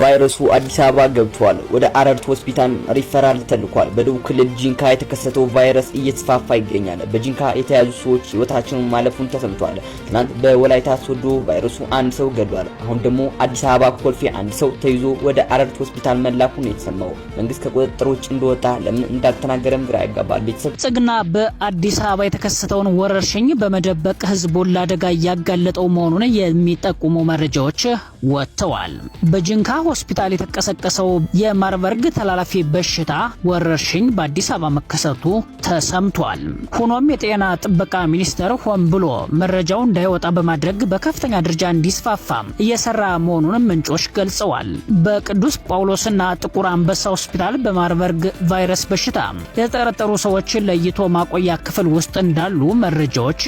ቫይረሱ አዲስ አበባ ገብቷል። ወደ አረርት ሆስፒታል ሪፈራል ተልኳል። በደቡብ ክልል ጂንካ የተከሰተው ቫይረስ እየተስፋፋ ይገኛል። በጂንካ የተያዙ ሰዎች ህይወታቸውን ማለፉን ተሰምቷል። ትናንት በወላይታ ሶዶ ቫይረሱ አንድ ሰው ገድሏል። አሁን ደግሞ አዲስ አበባ ኮልፌ አንድ ሰው ተይዞ ወደ አረርት ሆስፒታል መላኩ ነው የተሰማው። መንግስት ከቁጥጥር ውጭ እንደወጣ ለምን እንዳልተናገረም ግራ ያጋባል። ቤተሰብ ጽግና በአዲስ አበባ የተከሰተውን ወረርሽኝ በመደበቅ ህዝቡን ለአደጋ እያጋለጠው መሆኑን የሚጠቁሙ መረጃዎች ወጥተዋል። በጂንካ ሆስፒታል የተቀሰቀሰው የማርበርግ ተላላፊ በሽታ ወረርሽኝ በአዲስ አበባ መከሰቱ ተሰምቷል። ሆኖም የጤና ጥበቃ ሚኒስቴር ሆን ብሎ መረጃው እንዳይወጣ በማድረግ በከፍተኛ ደረጃ እንዲስፋፋ እየሰራ መሆኑንም ምንጮች ገልጸዋል። በቅዱስ ጳውሎስና ጥቁር አንበሳ ሆስፒታል በማርበርግ ቫይረስ በሽታ የተጠረጠሩ ሰዎችን ለይቶ ማቆያ ክፍል ውስጥ እንዳሉ መረጃዎች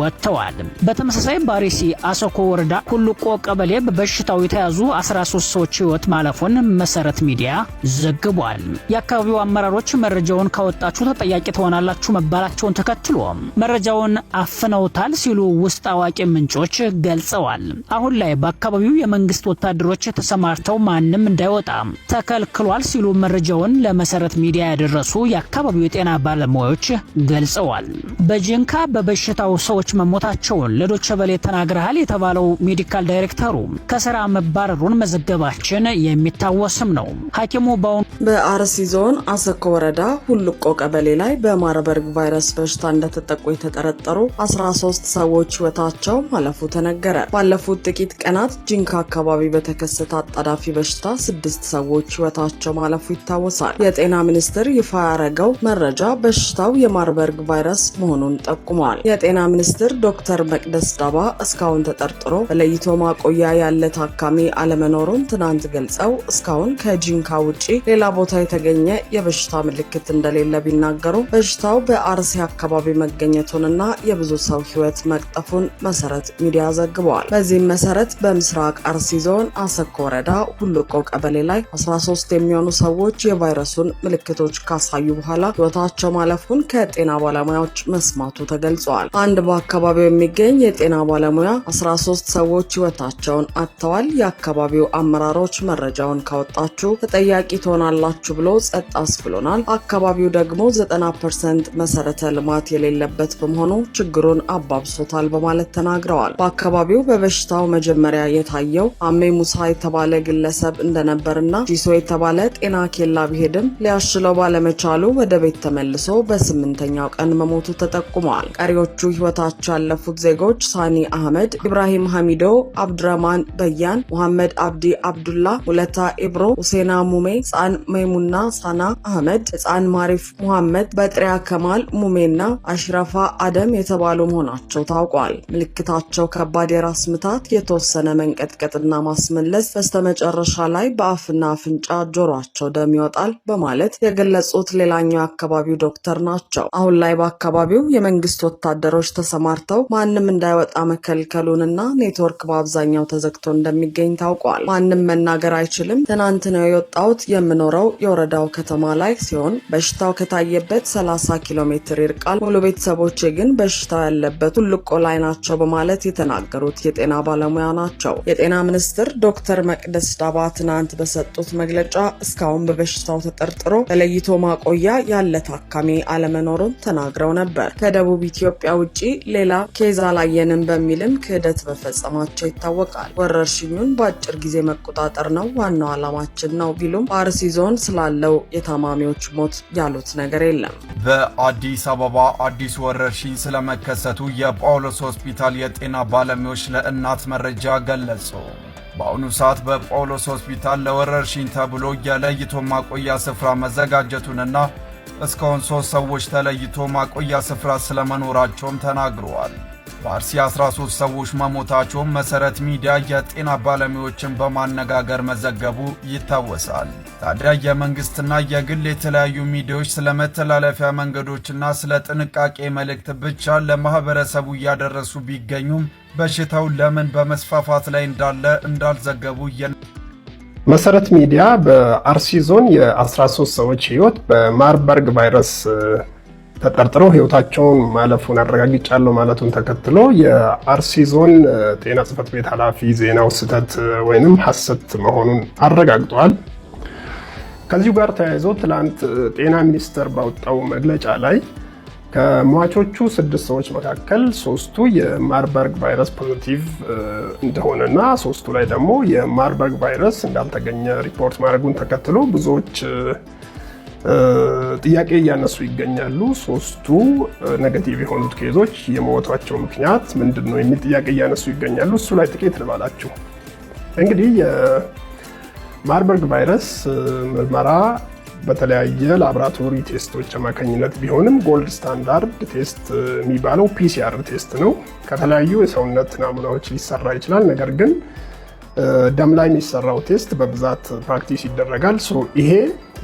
ወጥተዋል። በተመሳሳይ ባሪሲ አሰኮ ወረዳ ሁሉቆ ቀበሌ በበሽታው የተያዙ 13 ሰዎች ሰዎች ህይወት ማለፉን መሰረት ሚዲያ ዘግቧል። የአካባቢው አመራሮች መረጃውን ካወጣችሁ ተጠያቂ ትሆናላችሁ መባላቸውን ተከትሎ መረጃውን አፍነውታል ሲሉ ውስጥ አዋቂ ምንጮች ገልጸዋል። አሁን ላይ በአካባቢው የመንግስት ወታደሮች ተሰማርተው ማንም እንዳይወጣ ተከልክሏል ሲሉ መረጃውን ለመሰረት ሚዲያ ያደረሱ የአካባቢው የጤና ባለሙያዎች ገልጸዋል። በጅንካ በበሽታው ሰዎች መሞታቸውን ለዶቸበሌ ተናግረሃል የተባለው ሜዲካል ዳይሬክተሩ ከስራ መባረሩን መዘገባቸው መሆናችን የሚታወስም ነው። ሐኪሙ በአሁኑ በአርሲ ዞን አሰኮ ወረዳ ሁልቆ ቀበሌ ላይ በማርበርግ ቫይረስ በሽታ እንደተጠቁ የተጠረጠሩ 13 ሰዎች ህይወታቸው ማለፉ ተነገረ። ባለፉት ጥቂት ቀናት ጂንካ አካባቢ በተከሰተ አጣዳፊ በሽታ ስድስት ሰዎች ህይወታቸው ማለፉ ይታወሳል። የጤና ሚኒስቴር ይፋ ያደረገው መረጃ በሽታው የማርበርግ ቫይረስ መሆኑን ጠቁሟል። የጤና ሚኒስትር ዶክተር መቅደስ ዳባ እስካሁን ተጠርጥሮ በለይቶ ማቆያ ያለ ታካሚ አለመኖሩን ትና ትናንት ገልጸው እስካሁን ከጂንካ ውጪ ሌላ ቦታ የተገኘ የበሽታ ምልክት እንደሌለ ቢናገሩ በሽታው በአርሲ አካባቢ መገኘቱንና የብዙ ሰው ሕይወት መቅጠፉን መሰረት ሚዲያ ዘግበዋል። በዚህም መሰረት በምስራቅ አርሲ ዞን አሰኮ ወረዳ ሁሉቆ ቀበሌ ላይ 13 የሚሆኑ ሰዎች የቫይረሱን ምልክቶች ካሳዩ በኋላ ሕይወታቸው ማለፉን ከጤና ባለሙያዎች መስማቱ ተገልጿል። አንድ በአካባቢው የሚገኝ የጤና ባለሙያ 13 ሰዎች ሕይወታቸውን አጥተዋል። የአካባቢው አመራ አመራሮች መረጃውን ካወጣችሁ ተጠያቂ ትሆናላችሁ ብሎ ጸጥ አስብሎናል። አካባቢው ደግሞ 90 ፐርሰንት መሰረተ ልማት የሌለበት በመሆኑ ችግሩን አባብሶታል በማለት ተናግረዋል። በአካባቢው በበሽታው መጀመሪያ የታየው አሜ ሙሳ የተባለ ግለሰብ እንደነበርና ጂሶ የተባለ ጤና ኬላ ቢሄድም ሊያሽለው ባለመቻሉ ወደ ቤት ተመልሶ በስምንተኛው ቀን መሞቱ ተጠቁመዋል። ቀሪዎቹ ህይወታቸው ያለፉት ዜጎች ሳኒ አህመድ፣ ኢብራሂም ሐሚዶ፣ አብድረማን በያን፣ ሙሐመድ አብዲ አብ አብዱላ፣ ሁለታ ኢብሮ ሁሴና ሙሜ፣ ህፃን መይሙና ሳና አህመድ፣ ህፃን ማሪፍ ሙሐመድ፣ በጥሪያ ከማል ሙሜና አሽረፋ አደም የተባሉ መሆናቸው ታውቋል። ምልክታቸው ከባድ የራስ ምታት፣ የተወሰነ መንቀጥቀጥና ማስመለስ፣ በስተመጨረሻ ላይ በአፍና አፍንጫ ጆሯቸው ደም ይወጣል በማለት የገለጹት ሌላኛው የአካባቢው ዶክተር ናቸው። አሁን ላይ በአካባቢው የመንግስት ወታደሮች ተሰማርተው ማንም እንዳይወጣ መከልከሉንና ኔትወርክ በአብዛኛው ተዘግቶ እንደሚገኝ ታውቋል። ማንም መናገር አይችልም። ትናንት ነው የወጣሁት። የምኖረው የወረዳው ከተማ ላይ ሲሆን በሽታው ከታየበት 30 ኪሎ ሜትር ይርቃል። ሙሉ ቤተሰቦቼ ግን በሽታው ያለበት ሁልቆ ላይ ናቸው በማለት የተናገሩት የጤና ባለሙያ ናቸው። የጤና ሚኒስትር ዶክተር መቅደስ ዳባ ትናንት በሰጡት መግለጫ እስካሁን በበሽታው ተጠርጥሮ በለይቶ ማቆያ ያለ ታካሚ አለመኖሩን ተናግረው ነበር። ከደቡብ ኢትዮጵያ ውጭ ሌላ ኬዝ አላየንም በሚልም ክህደት መፈጸማቸው ይታወቃል። ወረርሽኙን በአጭር ጊዜ መቆጣ መቆጣጠር ነው ዋናው ዓላማችን ነው ቢሉም በአርሲ ዞን ስላለው የታማሚዎች ሞት ያሉት ነገር የለም። በአዲስ አበባ አዲስ ወረርሽኝ ስለመከሰቱ የጳውሎስ ሆስፒታል የጤና ባለሙያዎች ለእናት መረጃ ገለጹ። በአሁኑ ሰዓት በጳውሎስ ሆስፒታል ለወረርሽኝ ተብሎ የለይቶ ማቆያ ስፍራ መዘጋጀቱንና እስካሁን ሶስት ሰዎች ተለይቶ ማቆያ ስፍራ ስለመኖራቸውም ተናግረዋል። በአርሲ 13 ሰዎች መሞታቸውን መሰረት ሚዲያ የጤና ባለሙያዎችን በማነጋገር መዘገቡ ይታወሳል። ታዲያ የመንግስትና የግል የተለያዩ ሚዲያዎች ስለ መተላለፊያ መንገዶችና ስለ ጥንቃቄ መልእክት ብቻ ለማህበረሰቡ እያደረሱ ቢገኙም በሽታው ለምን በመስፋፋት ላይ እንዳለ እንዳልዘገቡ መሰረት ሚዲያ በአርሲ ዞን የ13 ሰዎች ህይወት በማርበርግ ቫይረስ ተጠርጥረው ህይወታቸውን ማለፉን አረጋግጫለሁ ማለቱን ተከትሎ የአርሲ ዞን ጤና ጽሕፈት ቤት ኃላፊ ዜናው ስህተት ወይም ሀሰት መሆኑን አረጋግጠዋል። ከዚሁ ጋር ተያይዞ ትላንት ጤና ሚኒስቴር ባወጣው መግለጫ ላይ ከሟቾቹ ስድስት ሰዎች መካከል ሶስቱ የማርበርግ ቫይረስ ፖዚቲቭ እንደሆነና ሶስቱ ላይ ደግሞ የማርበርግ ቫይረስ እንዳልተገኘ ሪፖርት ማድረጉን ተከትሎ ብዙዎች ጥያቄ እያነሱ ይገኛሉ። ሶስቱ ነገቲቭ የሆኑት ኬዞች የመወቷቸው ምክንያት ምንድን ነው የሚል ጥያቄ እያነሱ ይገኛሉ። እሱ ላይ ጥቂት ልባላችሁ። እንግዲህ የማርበርግ ቫይረስ ምርመራ በተለያየ ላብራቶሪ ቴስቶች አማካኝነት ቢሆንም ጎልድ ስታንዳርድ ቴስት የሚባለው ፒሲአር ቴስት ነው። ከተለያዩ የሰውነት ናሙናዎች ሊሰራ ይችላል። ነገር ግን ደም ላይ የሚሰራው ቴስት በብዛት ፕራክቲስ ይደረጋል። ይሄ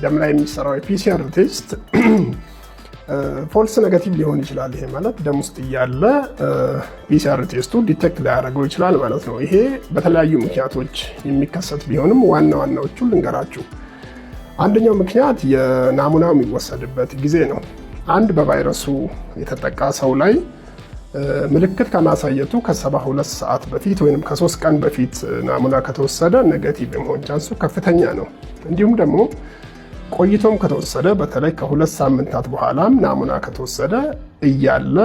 ደም ላይ የሚሰራው የፒሲር ቴስት ፎልስ ነገቲቭ ሊሆን ይችላል። ይሄ ማለት ደም ውስጥ እያለ ፒሲር ቴስቱ ዲቴክት ሊያደርገው ይችላል ማለት ነው። ይሄ በተለያዩ ምክንያቶች የሚከሰት ቢሆንም ዋና ዋናዎቹ ልንገራችሁ። አንደኛው ምክንያት የናሙናው የሚወሰድበት ጊዜ ነው። አንድ በቫይረሱ የተጠቃ ሰው ላይ ምልክት ከማሳየቱ ከ72 ሰዓት በፊት ወይም ከሶስት ቀን በፊት ናሙና ከተወሰደ ነገቲቭ የመሆን ቻንሱ ከፍተኛ ነው። እንዲሁም ደግሞ ቆይቶም ከተወሰደ በተለይ ከሁለት ሳምንታት በኋላም ናሙና ከተወሰደ እያለ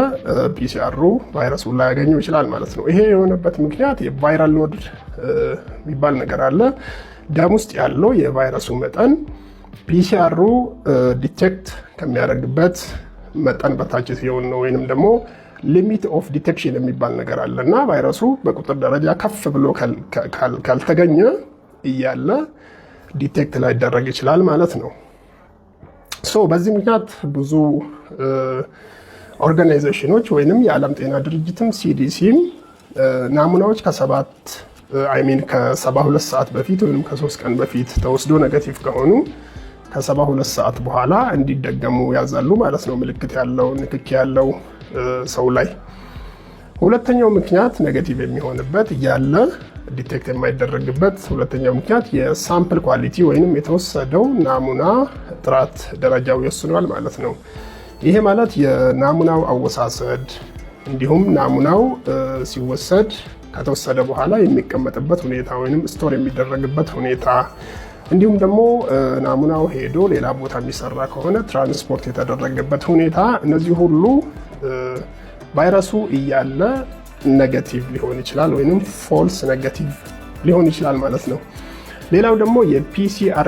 ፒሲአሩ ቫይረሱን ላያገኘው ይችላል ማለት ነው። ይሄ የሆነበት ምክንያት የቫይራል ሎድ የሚባል ነገር አለ። ደም ውስጥ ያለው የቫይረሱ መጠን ፒሲአሩ ዲቴክት ከሚያደርግበት መጠን በታች ሲሆን ነው ወይንም ደግሞ ሊሚት ኦፍ ዲቴክሽን የሚባል ነገር አለ እና ቫይረሱ በቁጥር ደረጃ ከፍ ብሎ ካልተገኘ እያለ ዲቴክት ላይደረግ ይችላል ማለት ነው። ሶ በዚህ ምክንያት ብዙ ኦርጋናይዜሽኖች ወይንም የዓለም ጤና ድርጅትም ሲዲሲም ናሙናዎች ከሰባት አይሚን ከሰባ ሁለት ሰዓት በፊት ወይም ከሶስት ቀን በፊት ተወስዶ ነገቲቭ ከሆኑ ከሰባ ሁለት ሰዓት በኋላ እንዲደገሙ ያዛሉ ማለት ነው። ምልክት ያለው ንክኪ ያለው ሰው ላይ ሁለተኛው ምክንያት ነገቲቭ የሚሆንበት እያለ። ዲቴክት የማይደረግበት ሁለተኛው ምክንያት የሳምፕል ኳሊቲ ወይም የተወሰደው ናሙና ጥራት ደረጃው ይወስነዋል ማለት ነው። ይሄ ማለት የናሙናው አወሳሰድ እንዲሁም ናሙናው ሲወሰድ ከተወሰደ በኋላ የሚቀመጥበት ሁኔታ ወይም ስቶር የሚደረግበት ሁኔታ እንዲሁም ደግሞ ናሙናው ሄዶ ሌላ ቦታ የሚሰራ ከሆነ ትራንስፖርት የተደረገበት ሁኔታ እነዚህ ሁሉ ቫይረሱ እያለ ነገቲቭ ሊሆን ይችላል ወይም ፎልስ ነገቲቭ ሊሆን ይችላል ማለት ነው። ሌላው ደግሞ የፒሲአር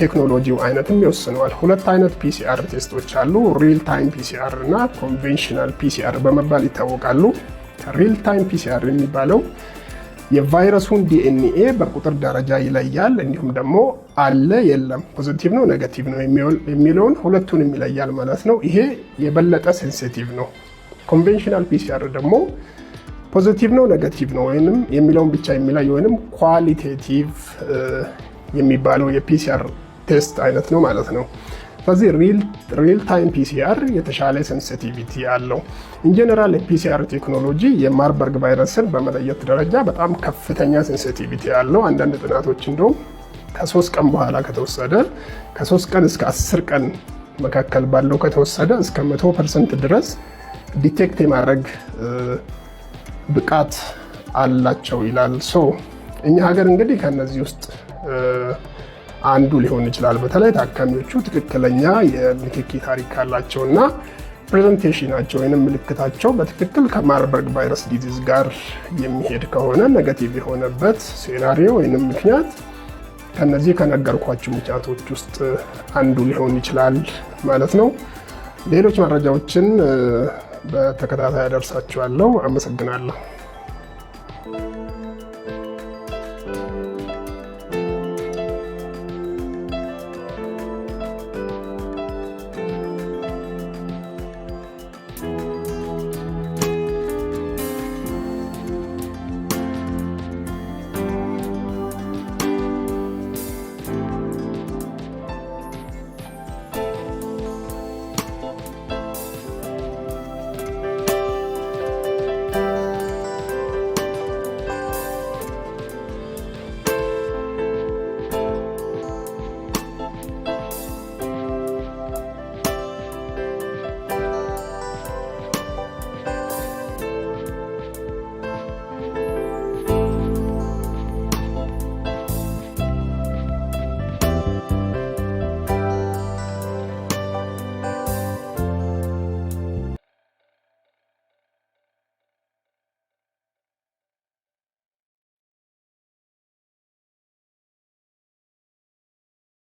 ቴክኖሎጂው አይነትም ይወስነዋል። ሁለት አይነት ፒሲአር ቴስቶች አሉ። ሪል ታይም ፒሲአር እና ኮንቬንሽናል ፒሲአር በመባል ይታወቃሉ። ሪል ታይም ፒሲአር የሚባለው የቫይረሱን ዲኤንኤ በቁጥር ደረጃ ይለያል። እንዲሁም ደግሞ አለ የለም፣ ፖዚቲቭ ነው ኔጋቲቭ ነው የሚለውን ሁለቱንም ይለያል ማለት ነው። ይሄ የበለጠ ሴንሲቲቭ ነው። ኮንቬንሽናል ፒሲአር ደግሞ ፖዘቲቭ ነው ኔጋቲቭ ነው ወይም የሚለውን ብቻ የሚለይ ወይም ኳሊቴቲቭ የሚባለው የፒሲአር ቴስት አይነት ነው ማለት ነው። ስለዚህ ሪል ታይም ፒሲአር የተሻለ ሴንሲቲቪቲ አለው። ኢንጀነራል የፒሲአር ቴክኖሎጂ የማርበርግ ቫይረስን በመለየት ደረጃ በጣም ከፍተኛ ሴንሲቲቪቲ አለው። አንዳንድ ጥናቶች እንደውም ከሶስት ቀን በኋላ ከተወሰደ ከሶስት ቀን እስከ አስር ቀን መካከል ባለው ከተወሰደ እስከ መቶ ፐርሰንት ድረስ ዲቴክት የማድረግ ብቃት አላቸው ይላል። ሶ እኛ ሀገር እንግዲህ ከነዚህ ውስጥ አንዱ ሊሆን ይችላል። በተለይ ታካሚዎቹ ትክክለኛ የንክኪ ታሪክ ካላቸው እና ፕሬዘንቴሽናቸው ወይም ምልክታቸው በትክክል ከማርበርግ ቫይረስ ዲዚዝ ጋር የሚሄድ ከሆነ ነገቲቭ የሆነበት ሴናሪዮ ወይም ምክንያት ከነዚህ ከነገርኳቸው ምክንያቶች ውስጥ አንዱ ሊሆን ይችላል ማለት ነው። ሌሎች መረጃዎችን በተከታታይ አደርሳችኋለሁ። አመሰግናለሁ።